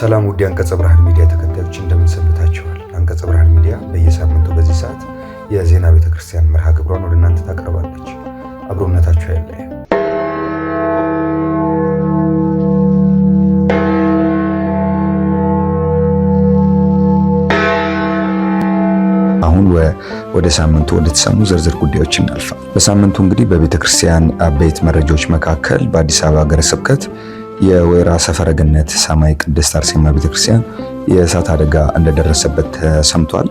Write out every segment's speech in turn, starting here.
ሰላም ውድ አንቀጸ ብርሃን ሚዲያ ተከታዮች እንደምን ሰንብታችኋል? አንቀጸ ብርሃን ሚዲያ በየሳምንቱ በዚህ ሰዓት የዜና ቤተክርስቲያን መርሃ ግብሯን ወደ እናንተ ታቀርባለች። አብሮነታችሁ ያለየ አሁን ወደ ሳምንቱ ወደ ተሰሙ ዝርዝር ጉዳዮች እናልፋል። በሳምንቱ እንግዲህ በቤተክርስቲያን አበይት መረጃዎች መካከል በአዲስ አበባ ሀገረ ስብከት የወይራ ሰፈረ ገነት ሰማይ ቅድስት አርሴማ ቤተክርስቲያን የእሳት አደጋ እንደደረሰበት ተሰምቷል።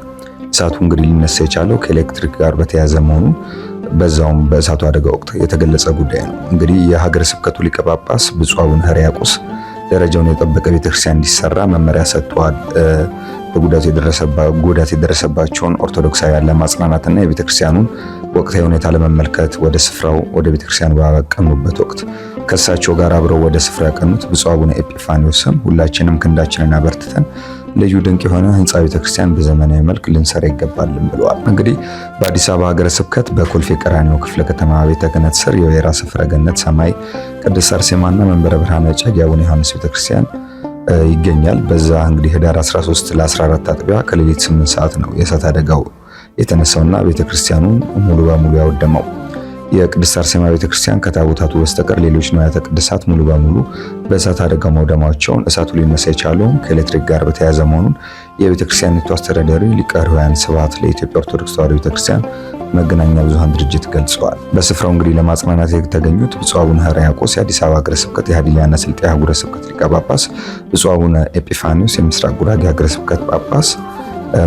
እሳቱ እንግዲህ ሊነሳ የቻለው ከኤሌክትሪክ ጋር በተያያዘ መሆኑ በዛውም በእሳቱ አደጋ ወቅት የተገለጸ ጉዳይ ነው። እንግዲህ የሀገረ ስብከቱ ሊቀ ጳጳስ ብፁዕ አቡነ ሕርያቆስ ደረጃውን የጠበቀ ቤተክርስቲያን እንዲሰራ መመሪያ ሰጥተዋል። ጉዳት የደረሰባቸውን ኦርቶዶክሳውያን ለማጽናናትና የቤተክርስቲያኑን ወቅታዊ ሁኔታ ለመመልከት ወደ ስፍራው ወደ ቤተክርስቲያኑ ባቀኑበት ወቅት ከእሳቸው ጋር አብረው ወደ ስፍራ ያቀኑት ብፁዕ አቡነ ኤጲፋኒዎስም ሁላችንም ክንዳችንን አበርትተን ልዩ ድንቅ የሆነ ህንፃ ቤተክርስቲያን በዘመናዊ መልክ ልንሰራ ይገባልን ብለዋል። እንግዲህ በአዲስ አበባ ሀገረ ስብከት በኮልፌ ቀራኒዮ ክፍለ ከተማ ቤተ ክህነት ስር የወይራ ስፍረ ገነት ሰማይ ቅድስት አርሴማና መንበረ ብርሃን ጨጌ አቡነ ዮሐንስ ቤተክርስቲያን ይገኛል። በዛ እንግዲህ ህዳር 13 ለ14 አጥቢያ ከሌሊት 8 ሰዓት ነው የእሳት አደጋው የተነሳውና ቤተክርስቲያኑን ሙሉ በሙሉ ያወደመው። የቅድስት አርሴማ ቤተክርስቲያን ከታቦታቱ በስተቀር ሌሎች ንዋያተ ቅድሳት ሙሉ በሙሉ በእሳት አደጋ መውደማቸውን እሳቱ ሊነሳ የቻለውም ከኤሌክትሪክ ጋር በተያያዘ መሆኑን የቤተክርስቲያኒቱ አስተዳዳሪ ሊቀ ኅሩያን ስብሐት ለኢትዮጵያ ኦርቶዶክስ ተዋሕዶ ቤተክርስቲያን መገናኛ ብዙሃን ድርጅት ገልጸዋል። በስፍራው እንግዲህ ለማጽናናት የተገኙት ብፁዕ አቡነ ሀራ ያቆስ የአዲስ አበባ ሀገረ ስብከት የሀዲያና ስልጤ አህጉረ ስብከት ሊቀ ጳጳስ፣ ብፁዕ አቡነ ኤጲፋኒዮስ የምስራቅ ጉራጌ ሀገረ ስብከት ጳጳስ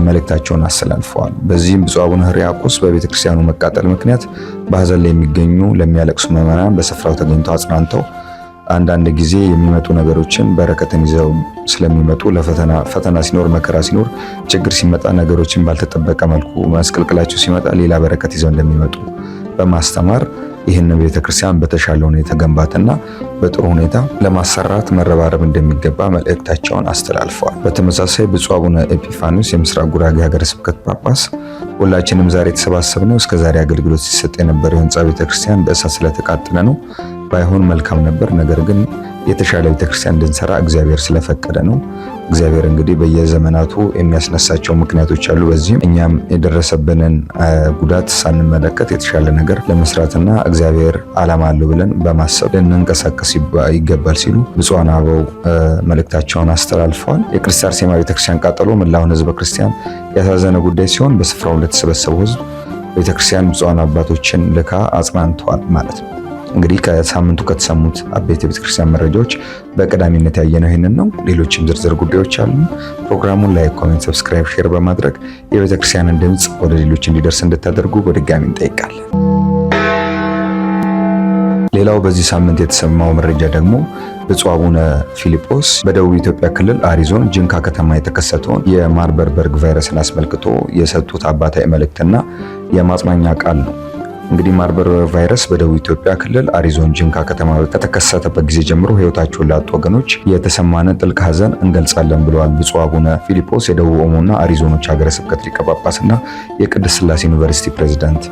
መልእክታቸውን አስተላልፈዋል። በዚህም ብፁዕ አቡነ ሕርያቆስ በቤተ ክርስቲያኑ መቃጠል ምክንያት በሀዘን ላይ የሚገኙ ለሚያለቅሱ ምዕመናን በስፍራው ተገኝተው አጽናንተው አንዳንድ ጊዜ የሚመጡ ነገሮችን በረከትን ይዘው ስለሚመጡ ለፈተና ፈተና ሲኖር መከራ ሲኖር ችግር ሲመጣ ነገሮችን ባልተጠበቀ መልኩ መስቀልቅላቸው ሲመጣ ሌላ በረከት ይዘው እንደሚመጡ በማስተማር ይህን ቤተ ክርስቲያን በተሻለ ሁኔታ ገንባትና በጥሩ ሁኔታ ለማሰራት መረባረብ እንደሚገባ መልእክታቸውን አስተላልፈዋል። በተመሳሳይ ብፁዕ አቡነ ኤጲፋኒዎስ የምስራቅ ጉራጌ ሀገረ ስብከት ጳጳስ ሁላችንም ዛሬ የተሰባሰብነው እስከ ዛሬ አገልግሎት ሲሰጥ የነበረው የህንፃ ቤተ ክርስቲያን በእሳት ስለተቃጠለ ነው። ባይሆን መልካም ነበር፣ ነገር ግን የተሻለ ቤተክርስቲያን እንድንሰራ እግዚአብሔር ስለፈቀደ ነው። እግዚአብሔር እንግዲህ በየዘመናቱ የሚያስነሳቸው ምክንያቶች አሉ። በዚህም እኛም የደረሰብንን ጉዳት ሳንመለከት የተሻለ ነገር ለመስራትና እግዚአብሔር ዓላማ አለው ብለን በማሰብ ልንንቀሳቀስ ይገባል ሲሉ ብፁዓን አበው መልእክታቸውን አስተላልፈዋል። የቅድስት አርሴማ ቤተክርስቲያን ቃጠሎ መላውን ህዝበ ክርስቲያን ያሳዘነ ጉዳይ ሲሆን በስፍራው ለተሰበሰበው ህዝብ ቤተክርስቲያን ብፁዓን አባቶችን ልካ አጽናንተዋል ማለት ነው። እንግዲህ ከሳምንቱ ከተሰሙት አበይት የቤተክርስቲያን መረጃዎች በቀዳሚነት ያየነው ይህንን ነው። ሌሎችም ዝርዝር ጉዳዮች አሉ። ፕሮግራሙን ላይክ፣ ኮሜንት፣ ሰብስክራይብ፣ ሼር በማድረግ የቤተክርስቲያንን ድምፅ ወደ ሌሎች እንዲደርስ እንድታደርጉ በድጋሚ እንጠይቃለን። ሌላው በዚህ ሳምንት የተሰማው መረጃ ደግሞ ብፁዕ አቡነ ፊልጶስ በደቡብ ኢትዮጵያ ክልል አሪዞን ጅንካ ከተማ የተከሰተውን የማርበርበርግ ቫይረስን አስመልክቶ የሰጡት አባታዊ መልእክትና የማጽናኛ ቃል ነው። እንግዲህ ማርበር ቫይረስ በደቡብ ኢትዮጵያ ክልል አሪዞን ጅንካ ከተማ ከተከሰተበት ጊዜ ጀምሮ ህይወታቸውን ላጡ ወገኖች የተሰማነ ጥልቅ ሀዘን እንገልጻለን ብለዋል ብፁዕ አቡነ ፊሊጶስ የደቡብ ኦሞና አሪዞኖች ዞኖች ሀገረ ስብከት ሊቀ ጳጳስና የቅድስት ስላሴ ዩኒቨርሲቲ ፕሬዝዳንት።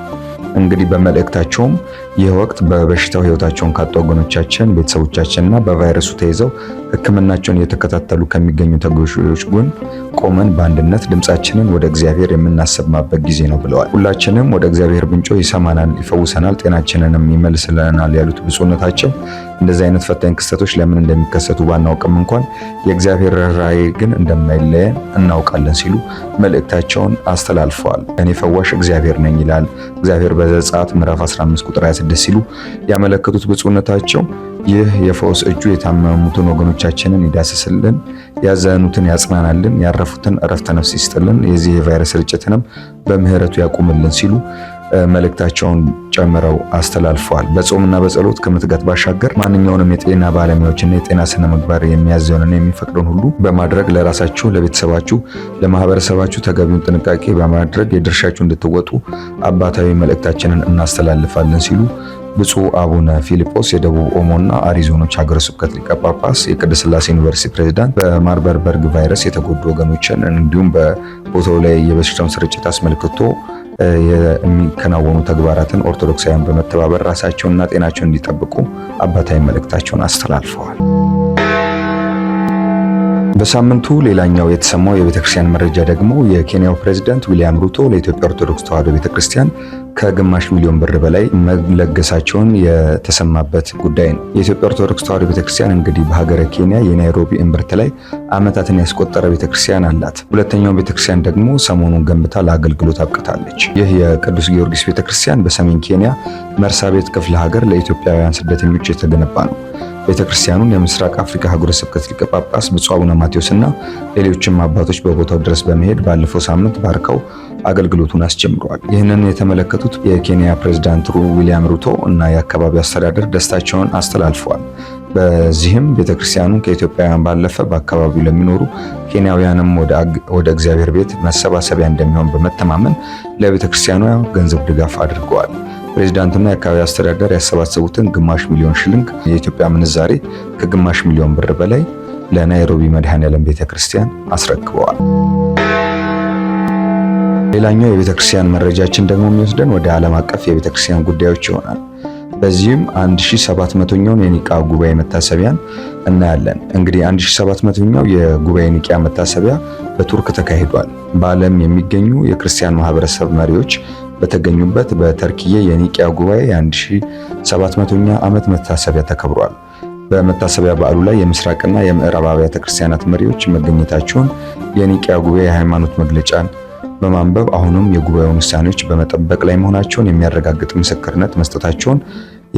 እንግዲህ በመልእክታቸውም ይህ ወቅት በበሽታው ህይወታቸውን ካጡ ወገኖቻችን፣ ቤተሰቦቻችንና በቫይረሱ ተይዘው ህክምናቸውን እየተከታተሉ ከሚገኙ ተጎጂዎች ጎን ቆመን በአንድነት ድምፃችንን ወደ እግዚአብሔር የምናሰማበት ጊዜ ነው ብለዋል። ሁላችንም ወደ እግዚአብሔር ብንጮ ይሰማናል፣ ይፈውሰናል፣ ጤናችንንም ይመልስልናል ያሉት ብፁዕነታቸው እንደዚህ አይነት ፈታኝ ክስተቶች ለምን እንደሚከሰቱ ባናውቅም እንኳን የእግዚአብሔር ራይ ግን እንደማይለየን እናውቃለን ሲሉ መልእክታቸውን አስተላልፈዋል። እኔ ፈዋሽ እግዚአብሔር ነኝ ይላል እግዚአብሔር በዘጸአት ምዕራፍ 15 ቁጥር 26 ለማስቀደስ ሲሉ ያመለከቱት ብፁዕነታቸው ይህ የፈውስ እጁ የታመሙትን ወገኖቻችንን ይዳስስልን፣ ያዘኑትን ያጽናናልን፣ ያረፉትን እረፍተ ነፍስ ይስጥልን፣ የዚህ የቫይረስ ርጭትንም በምህረቱ ያቁምልን ሲሉ መልእክታቸውን ጨምረው አስተላልፈዋል። በጾምና በጸሎት ከመትጋት ባሻገር ማንኛውንም የጤና ባለሙያዎችና የጤና ስነ ምግባር የሚያዘውንና የሚፈቅደውን ሁሉ በማድረግ ለራሳችሁ፣ ለቤተሰባችሁ፣ ለማህበረሰባችሁ ተገቢውን ጥንቃቄ በማድረግ የድርሻችሁ እንድትወጡ አባታዊ መልእክታችንን እናስተላልፋለን ሲሉ ብፁዕ አቡነ ፊልጶስ የደቡብ ኦሞና አሪ ሀገረ ስብከት ሊቀ ጳጳስ፣ የቅድስት ሥላሴ ዩኒቨርሲቲ ፕሬዚዳንት በማርበርበርግ ቫይረስ የተጎዱ ወገኖችን እንዲሁም በቦታው ላይ የበሽታውን ስርጭት አስመልክቶ የሚከናወኑ ተግባራትን ኦርቶዶክሳውያን በመተባበር ራሳቸውንና ጤናቸውን እንዲጠብቁ አባታዊ መልእክታቸውን አስተላልፈዋል። በሳምንቱ ሌላኛው የተሰማው የቤተክርስቲያን መረጃ ደግሞ የኬንያው ፕሬዝዳንት ዊሊያም ሩቶ ለኢትዮጵያ ኦርቶዶክስ ተዋሕዶ ቤተክርስቲያን ከግማሽ ሚሊዮን ብር በላይ መለገሳቸውን የተሰማበት ጉዳይ ነው። የኢትዮጵያ ኦርቶዶክስ ተዋሕዶ ቤተክርስቲያን እንግዲህ በሀገረ ኬንያ የናይሮቢ እምብርት ላይ ዓመታትን ያስቆጠረ ቤተክርስቲያን አላት። ሁለተኛው ቤተክርስቲያን ደግሞ ሰሞኑን ገንብታ ለአገልግሎት አብቅታለች። ይህ የቅዱስ ጊዮርጊስ ቤተክርስቲያን በሰሜን ኬንያ መርሳቤት ክፍለ ሀገር ለኢትዮጵያውያን ስደተኞች የተገነባ ነው። ቤተክርስቲያኑን የምስራቅ አፍሪካ ሀገረ ስብከት ሊቀ ጳጳስ ብፁዕ አቡነ እና ሌሎችም አባቶች በቦታው ድረስ በመሄድ ባለፈው ሳምንት ባርከው አገልግሎቱን አስጀምሯል። ይህንን የተመለከቱት የኬንያ ፕሬዝዳንት ዊሊያም ሩቶ እና የአካባቢ አስተዳደር ደስታቸውን አስተላልፈዋል። በዚህም ቤተክርስቲያኑ ከኢትዮጵያውያን ባለፈ በአካባቢው ለሚኖሩ ኬንያውያንም ወደ እግዚአብሔር ቤት መሰባሰቢያ እንደሚሆን በመተማመን ለቤተክርስቲያኗ ገንዘብ ድጋፍ አድርገዋል። ፕሬዚዳንቱና የአካባቢ አስተዳደር ያሰባሰቡትን ግማሽ ሚሊዮን ሽልንግ የኢትዮጵያ ምንዛሬ ከግማሽ ሚሊዮን ብር በላይ ለናይሮቢ መድኃኔዓለም ቤተ ቤተክርስቲያን አስረክበዋል። ሌላኛው የቤተ ክርስቲያን መረጃችን ደግሞ የሚወስደን ወደ ዓለም አቀፍ የቤተ ክርስቲያን ጉዳዮች ይሆናል። በዚህም 1700ኛውን የኒቃ ጉባኤ መታሰቢያን እናያለን። እንግዲህ 1700ኛው የጉባኤ ኒቂያ መታሰቢያ በቱርክ ተካሂዷል። በዓለም የሚገኙ የክርስቲያን ማህበረሰብ መሪዎች በተገኙበት በተርኪዬ የኒቂያ ጉባኤ የ1700ኛ ዓመት መታሰቢያ ተከብሯል። በመታሰቢያ በዓሉ ላይ የምስራቅና የምዕራብ አብያተ ክርስቲያናት መሪዎች መገኘታቸውን የኒቂያ ጉባኤ የሃይማኖት መግለጫን በማንበብ አሁንም የጉባኤውን ውሳኔዎች በመጠበቅ ላይ መሆናቸውን የሚያረጋግጥ ምስክርነት መስጠታቸውን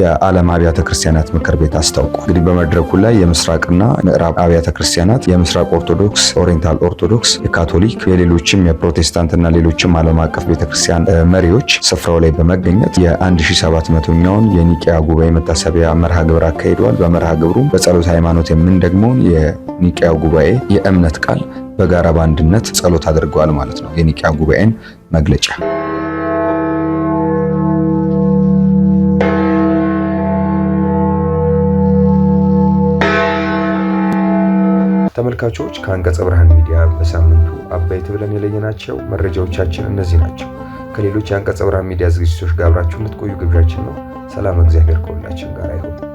የዓለም አብያተ ክርስቲያናት ምክር ቤት አስታውቋል። እንግዲህ በመድረኩ ላይ የምስራቅና ምዕራብ አብያተ ክርስቲያናት፣ የምስራቅ ኦርቶዶክስ፣ ኦሪንታል ኦርቶዶክስ፣ የካቶሊክ፣ የሌሎችም የፕሮቴስታንትና ሌሎችም ዓለም አቀፍ ቤተክርስቲያን መሪዎች ስፍራው ላይ በመገኘት የ1700ኛውን የኒቅያ ጉባኤ መታሰቢያ መርሃ ግብር አካሂደዋል። በመርሃ ግብሩም በጸሎት ሃይማኖት የምንደግመውን የኒቅያ ጉባኤ የእምነት ቃል በጋራ በአንድነት ጸሎት አድርገዋል ማለት ነው። የኒቅያ ጉባኤን መግለጫ ተመልካቾች ከአንቀጸ ብርሃን ሚዲያ በሳምንቱ አበይት ብለን የለየናቸው መረጃዎቻችን እነዚህ ናቸው። ከሌሎች የአንቀጸ ብርሃን ሚዲያ ዝግጅቶች ጋር አብራችሁ እንድትቆዩ ግብዣችን ነው። ሰላም፣ እግዚአብሔር ከሁላችን ጋር ይሁን።